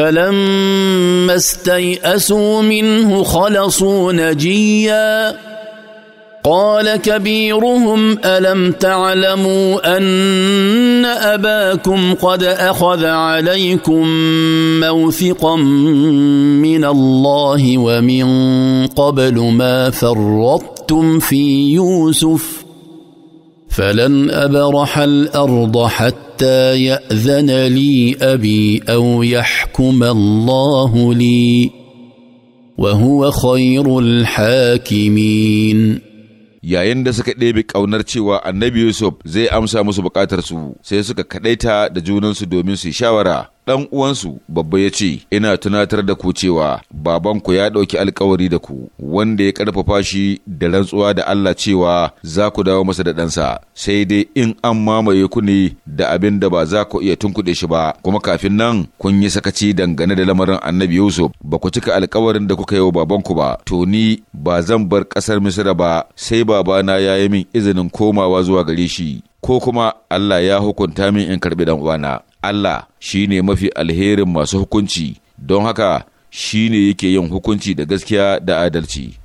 فلما استيئسوا منه خلصوا نجيا قال كبيرهم الم تعلموا ان اباكم قد اخذ عليكم موثقا من الله ومن قبل ما فرطتم في يوسف فلن ابرح الارض حتى حتى ياذن لي ابي او يحكم الله لي وهو خير الحاكمين yayin da suka ɗebe ƙaunar cewa annabi Yusuf zai amsa musu buƙatarsu sai suka kaɗaita da junansu domin su yi shawara ɗan uwansu babba ya ce, Ina tunatar da ku cewa babanku ya ɗauki alkawari da ku, wanda ya ƙarfafa shi da rantsuwa da Allah cewa za ku dawo masa da ɗansa, sai dai in an mamaye ku ne da abin da ba za ku iya tunkuɗe shi ba, kuma kafin nan kun yi sakaci dangane da lamarin annabi Yusuf, ba ku cika alkawarin da kuka yi wa babanku ba, to ni ba zan bar ƙasar Misira ba, sai babana ya yi min izinin komawa zuwa gare shi. ko kuma Allah ya hukunta min in karɓi dan uwana Allah shine mafi alherin masu hukunci don haka shine yake yin hukunci da gaskiya da adalci